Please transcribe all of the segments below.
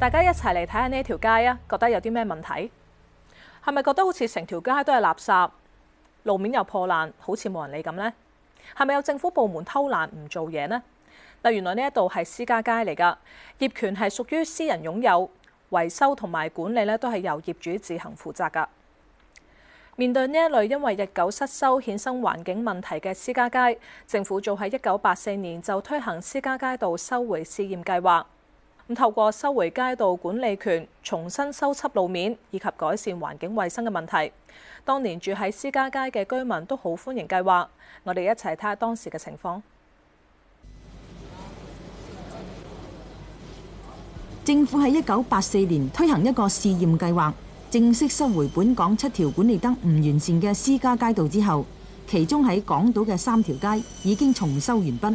大家一齊嚟睇下呢條街啊！覺得有啲咩問題？係咪覺得好似成條街都係垃圾，路面又破爛，好似冇人理咁呢？係咪有政府部門偷懶唔做嘢呢？嗱，原來呢一度係私家街嚟㗎，業權係屬於私人擁有，維修同埋管理呢都係由業主自行負責㗎。面對呢一類因為日久失修，衍生環境問題嘅私家街，政府早喺一九八四年就推行私家街道收回試驗計劃。透過收回街道管理權，重新修葺路面以及改善環境衛生嘅問題，當年住喺私家街嘅居民都好歡迎計劃，我哋一齊睇下當時嘅情況。政府喺一九八四年推行一個試驗計劃，正式收回本港七條管理得唔完善嘅私家街道之後，其中喺港島嘅三條街已經重修完畢。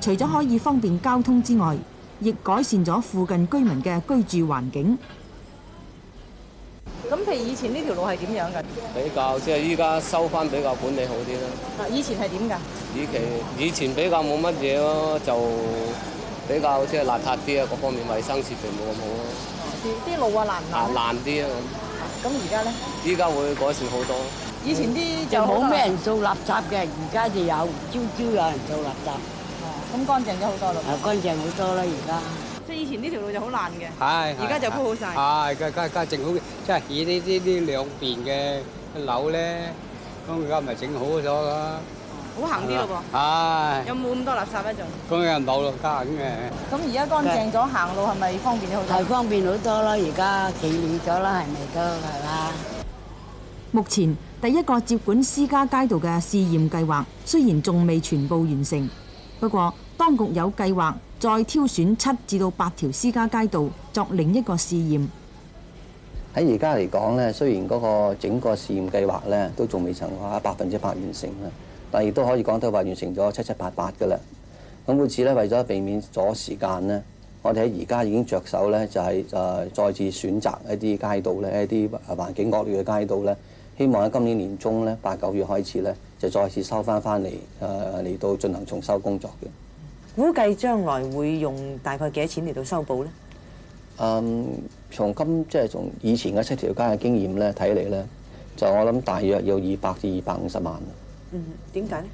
除咗可以方便交通之外，亦改善咗附近居民嘅居住環境。咁譬如以前呢條路係點樣㗎？比較即係依家收返比較管理好啲啦。啊，以前係點㗎？以前以前比較冇乜嘢咯，就比較即係邋遢啲啊，各方面衛生設備冇咁好咯。啲啲路啊，爛爛啲啊咁。啊，咁而家咧？依家會改善好多。以前啲就冇咩人做垃圾嘅，而家就有，朝朝有人做垃圾。咁乾淨咗好多咯，乾淨好多啦！而家即係以前呢條路就好爛嘅，係而家就鋪好晒，係佢佢佢整好嘅，即係以呢啲啲兩邊嘅啲樓咧，咁而家咪整好咗咯，好行啲咯噃，係有冇咁多垃圾咧？仲咁又冇咯，家下咁嘅。咁而家乾淨咗，行路係咪方便咗好多？係方便好多啦！而家企理咗啦，係咪都係嘛？目前第一個接管私家街道嘅試驗計劃，雖然仲未全部完成。不過，當局有計劃再挑選七至到八條私家街道作另一個試驗。喺而家嚟講咧，雖然嗰個整個試驗計劃咧都仲未曾話百分之百完成啊，但亦都可以講得話完成咗七七八八㗎喇。咁因此咧，為咗避免阻時間咧，我哋喺而家已經着手咧，就係誒再次選擇一啲街道咧，一啲環境惡劣嘅街道咧。希望喺今年年中咧，八九月開始咧，就再次收翻翻嚟，誒、呃、嚟到進行重修工作嘅。估計將來會用大概幾多錢嚟到修補咧？嗯，從今，即係從以前嘅七條街嘅經驗咧睇嚟咧，就我諗大約有二百至二百五十萬。嗯，點解咧？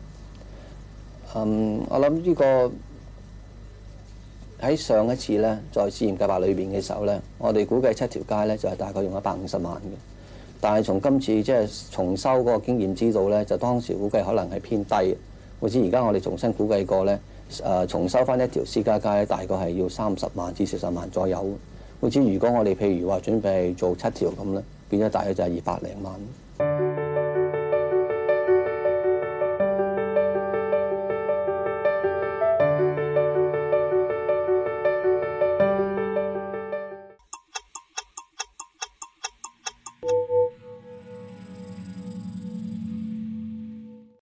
嗯，我諗呢、這個喺上一次咧，在試驗計劃裏邊嘅時候咧，我哋估計七條街咧就係、是、大概用一百五十萬嘅。但係從今次即係重修嗰個經驗知道咧，就當時估計可能係偏低。好似而家我哋重新估計過咧，誒、呃、重修翻一條私家街，大概係要三十萬至四十萬左右。好似如果我哋譬如話準備做七條咁咧，變咗大約就係二百零萬。